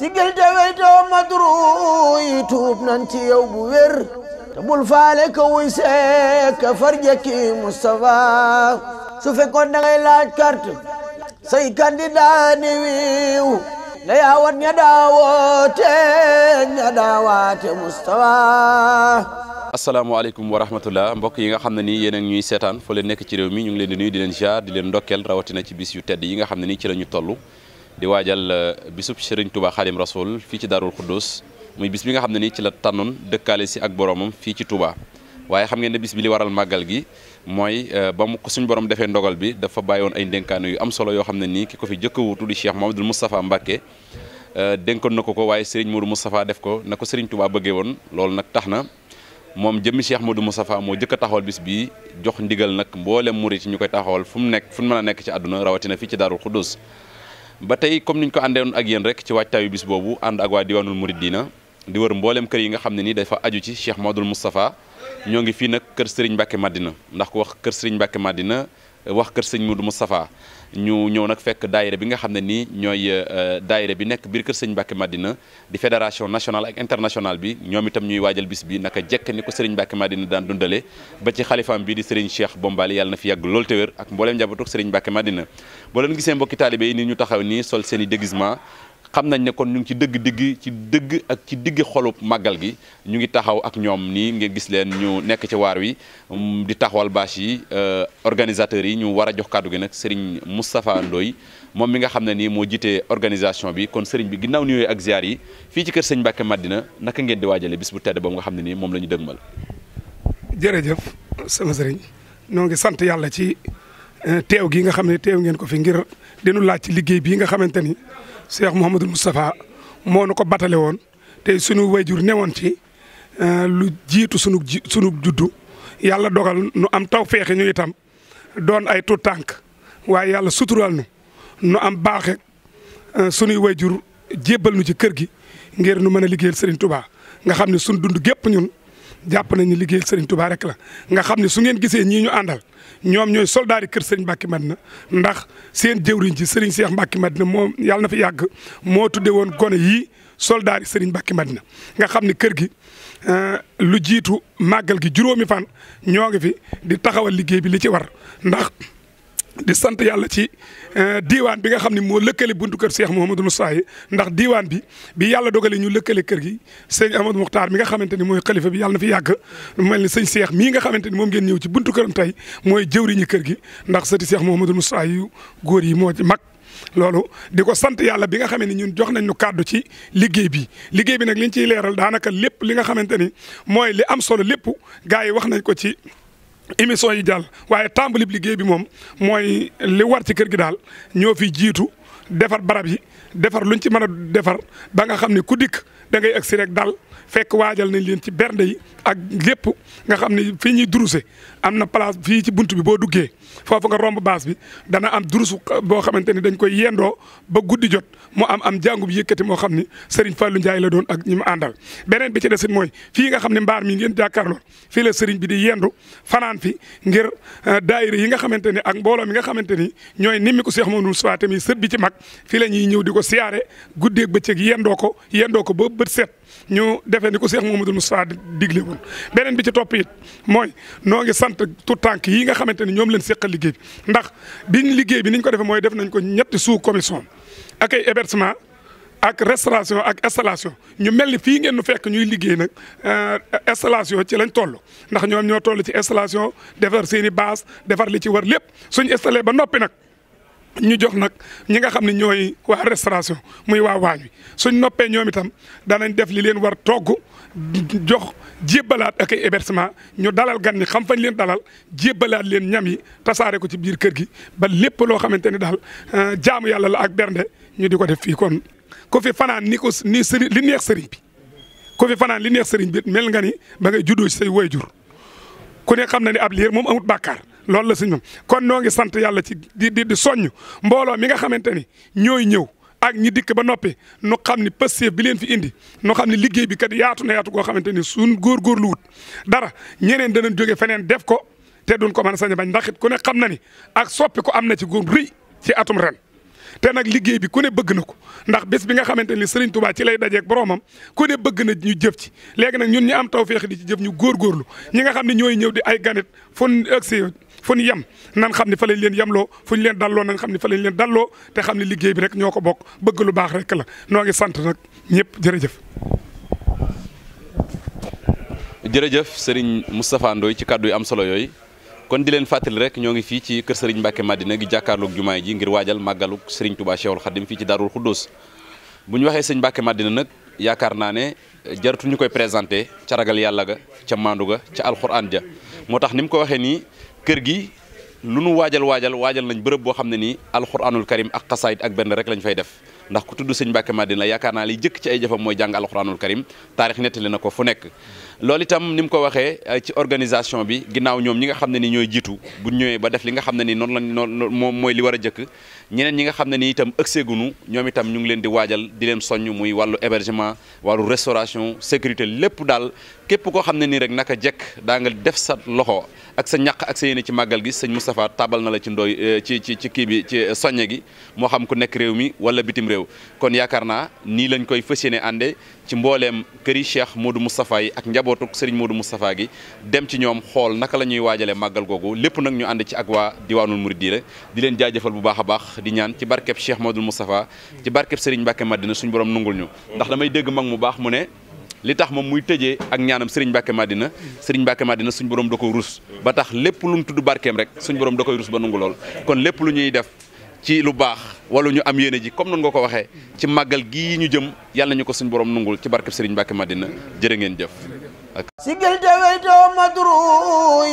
sigil te weytoo madru yi tuub nan ci bu wér te bul faale ka wuy see ka farjekki su fekkoon da ngay laaj carte say candidat ni wiiw na yaawat ña daawoote ña daawaate Moustapha asalaamaaleykum wa rahmatullah mbokk yi nga xam ne nii yéen a ñuy seetaan fa leen nekk ci réew mi ñu ngi leen di nuyu di leen jaar di leen ndokkeel rawatina ci bis yu tedd yi nga xam ne nii ci la ñu toll di wajal bisub Serigne Touba Khadim Rasoul fi ci darul Khoudoss muy bis bi nga xamne ni ci la tanon dekkale ci ak boromam fi ci Touba waye xam ngeen ne bis bi li waral magal gi moy ba mu ko suñu borom defé ndogal bi dafa bàyyi ay ndénkaane yu am solo yo xamne ni kiko fi jëkku wu di Cheikh Mamadou mustapha Mbacké denkon nako ko waye Serigne mourou mustapha def ko nako Serigne Touba bëggee won loolu nak taxna mom jëm Cheikh Modou mustapha mo jëk taxawal bis bi jox ndigal nak mboolem mourid ñukoy taxawal fum nek fum mëna nek ci aduna rawati na fi ci darul Khoudoss ba tey comme ni ñu ko àndeewoon ak yéen rek ci waajtaayu bis boobu ànd ak waa diwaanul muridina di wër mboolem kër yi nga xam ne ni dafa aju ci Cheikh Maodul Moustapha ñoo ngi fii nag kër Serigne Mbacke Madina ndax ku wax kër Serigne Mbacke Madina wax kër sëñ Modou Moustapha ñu ñëw nag fekk daayira bi nga xam ne nii ñooy euh, daayira bi nekk biir kër sëñ Mbacke Madina di fédération nationale ak internationale bi ñoom itam ñuy waajal bis bi naka jekk ni ko sëriñ Mbacke Madina daan dundale ba ci xalifaam bii di sëriñ Cheikh Bombali yàlla na fi yàgg lool te wér ak mbooleem njabootu sëriñ Mbacke Madina boo leen gisee mbokki taalibe yi nii ñu taxaw nii sol seeni i déguisement xam nañ ne kon ñu ngi ci dëgg-digg ci dëgg ak ci digg xolub màggal gi ñu ngi taxaw ak ñoom nii ngeen gis leen ñu nekk ci waar wi um, di taxawal bâche yi euh, organisateurs yi ñu war a jox kàddu gi nag Serigne Moustapha Ndoye moom mi nga xam ne nii moo jiite organisation bi kon Serigne bi ginnaaw nuyoo ak ziar yi fii ci kër Serigne Mbacké Madina naka ngeen di waajale bis bu tedd boobu nga xam ne nii moom la ñu dëgmal. jërëjëf sama sëriñ ñoo ngi sant yàlla ci euh, teew gi nga xam ne teew ngeen ko fi ngir dinu laaj ci liggéey bii nga xamante ni Cheikh Mouhamadul Moustapha moo nu ko batale woon te sunu wayjur newoon ci euh, lu jiitu sunu ji sunu juddu yàlla dogal nu am taw feexe ñu itam doon ay tuut tànk waaye yàlla sutural nu nu am baaxe euh, sunuy wayjur jébbal nu ci kër gi ngir nu mën a liggéeyal Serigne Touba nga xam ne sunu dund gépp ñun. jàpp nañu liggéeyal Serigne Touba rek la nga xam ne su ngeen gisee ñii ñu àndal ñoom ñooy soldaari kër Serigne Mbacke Madina ndax seen jëwriñ ji Serigne Cheikh Mbacke Madina moom yàlla na fi yàgg moo tudde woon gone yii soldaari Serigne Mbacke Madina nga xam ne kër gi euh, lu jiitu màggal gi juróomi fan ñoo ngi fi di taxawal liggéey bi li ci war ndax di sant yàlla ci euh, diwaan bi nga xam ne moo lëkkale buntu kër Cheikh Mouhamadou Moustapha yi ndax diwaan bi bi yàlla dogalee ñu lëkkale kër gi sëñ Amadou Mokhtar bi nga xamante ni mooy xalifa bi yàlla na fi yàgg mel ni sëñ Cheikh mii nga xamante ni moom ngeen ñëw ci buntu këram tey mooy jëwriñu kër gi ndax sëti Cheikh Mouhamadou Moustapha yu góor yi moo ci mag loolu di ko sant yàlla bi nga xamee ni ñun jox nañ ñu kàddu ci liggéey bi liggéey bi nag liñ ciy leeral daanaka lépp li nga xamante ni mooy li am solo lépp gaa yi wax nañ ko ci émission yi jàll waaye tàmbalib liggéey bi moom mooy li war ci kër gi daal ñoo fi jiitu defar barab yi defar luñ ci mën a defar ba nga xam ne ku dikk da ngay agsi rek dal fekk waajal nañ leen ci bernde yi ak lépp nga xam ne fii ñuy duruse am na place fii ci bunt bi boo duggee foofu nga romb baas bi dana am durusu boo xamante ni dañ koy yendoo ba guddi jot mu am am jàngu bi yëkkati moo xam ne Serigne Fallou njaay la doon ak ñi mu àndal. beneen bi ci desit mooy fii nga xam ne mbaar mi ngeen jàkkaarloo fii la Serigne bi di yendu fanaan fi ngir euh, daayira yi nga xamante ni ak mbooloo mi nga xamante ni ñooy nimmi ko Cheikh Mamadou Sow tamit sët bi ci mag fii la ñuy ñëw di ko siyaare guddeeg bëccëg yendoo ko yendoo ko ba bët set ñu defee ni ko Cheikh Mouhamadou Moustapha digle woon beneen bi ci topp it mooy noo ngi sant tout tànk yi nga xamante ni ñoom leen seqal liggéey bi ndax biñ liggéey bi niñ ko defee mooy def nañ ko ñetti sous commission ak ay ak restauration ak installation ñu mel ni fii ngeen nu fekk ñuy liggéey nag euh, installation ci lañ toll ndax ñoom ñoo toll ci installation defar seen i base defar li ci war lépp suñ installé ba noppi nag. ñu jox nag ñi nga xam ne ñooy waa restauration muy waa waañ wi suñ noppee ñoom itam danañ def li leen war togg jox jébbalaat ak ay ñu dalal gan ñi xam fañ leen dalal jébbalaat leen ñam yi tasaare ko ci biir kër gi ba lépp loo xamante ni daal euh, jaamu yàlla la ak bernde ñu di ko def fii kon ku fi fanaan ni ko ni li neex sëriñ bi ku fi fanaan li neex sëriñ bi mel nga ni ba ngay juddoo ci say waajur ku ne xam na ne ab liir moom amut bàkkaar loolu la si moom kon noo ngi sant yàlla ci di di di soññ mbooloo mi nga xamante ni ñooy ñëw ak ñi dikk ba noppi nu xam ni pësteef bi leen fi indi nu xam ni liggéey bi kat yaatu na yaatu goo xamante ni suñ góorgóorlu wut dara ñeneen danañ jóge feneen def ko te duñ ko mën a sañ bañ ndax it ku ne xam na ni ak soppi ko am na ci góor rëy ci atum ren. te nag liggéey bi ku ne bëgg na ko ndax bés bi nga xamante ni Serigne Touba ci lay dajeeg boromam ku ne bëgg na ñu jëf ci léegi nag ñun ñu am tawféex di ci jëf ñu góor góorgóorlu ñi nga xam ne ñooy ñëw di ay ganit fon agsi fu ñu yem nan xam ne fa lañ leen yemloo fu ñu leen dalloo nan xam ne fa lañ leen dalloo te xam ne liggéey bi rek ñoo ko bokk bëgg lu baax rek la noo ngi sant nag ñëpp jërëjëf jërëjëf Serigne Moustapha Ndoye ci kàddu yi am solo yooyu kon di leen fàttali rek ñoo ngi fii ci kër Serigne Mbacke Madina gi jàkkaarloog jumaay ji ngir waajal màggalu Serigne Touba Cheikhul Khadim fii ci Darou Khoudoss bu ñu waxee sëñ Mbacke Madina nag yaakaar naa ne jaratu ñu koy présenté ca ragal yàlla ga ca maandu ga ca alxuraan ja moo tax ni mu ko waxee nii kër gi lu nu waajal waajal waajal nañ bërëb boo xam ne nii alxuraanul karim ak xasaayit ak benn rek lañ fay def ndax ku tudd sëñ Mbàkke Madina yaakaar naa li jëkk ci ay jëfam mooy jàng alxuraanul karim taarix nettali na ko fu nekk loolu itam ni mu ko waxee ci organisation bi ginnaaw ñoom ñi nga xam ne nii ñooy jiitu bu ñëwee ba def li nga xam ne ni noonu lañ noonu moom mooy li war a jëkk ñeneen ñi nga xam ne ni itam ëgseegunu ñoom itam ñu ngi leen di waajal di leen soññ muy wàllu hébergement wàllu restauration sécurité lépp daal képp koo xam ne nii rek naka jekk daa nga def sa loxo ak sa ñaq ak sa yéene ci màggal gi sëñ Moustapha taabal na la ci ndooy eh, ci ci ci kii bi ci soññe gi moo xam ku nekk réew mi wala bitim réew kon yaakaar naa nii lañ koy fas yéene ànde ci mbooleem këri Cheikh Modou Moustapha yi ak njabootuk Serigne Modou Moustapha gi dem ci ñoom xool naka la ñuy waajalee màggal googu lépp nag ñu ànd ci ak waa diwaanul Mouridina di leen jaajëfal bu baax a baax di ñaan ci barkeb Cheikh Modou Moustapha ci barkeb Serigne Mbacke Madina suñu borom nungul ñu ndax mu baax mu ne li tax mom muy tëjee ak ñaanam Serigne Mbacke Madina Serigne Mbacke Madina suñu borom dako rus ba tax lepp luñ tuddu barkem rek suñu borom dako rus ba nangu lol kon lepp lu ñuy def ci lu bax wala ñu am yene ji comme non nga ko waxe ci magal gi ñu jëm yalla ñu ko borom nungul ci barkeb Serigne Mbacke Madina jere ngeen jëf sigil te weytoo madru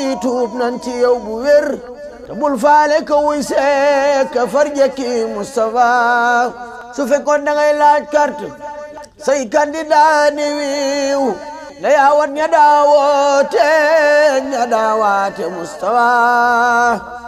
youtube nan ci yow bu wer te bul faale ko wuy seek farjaki mustafa su fekkoon da ngay laaj carte say candidat ni wiiw ne yaawat daawoote ña daawaate Mustafa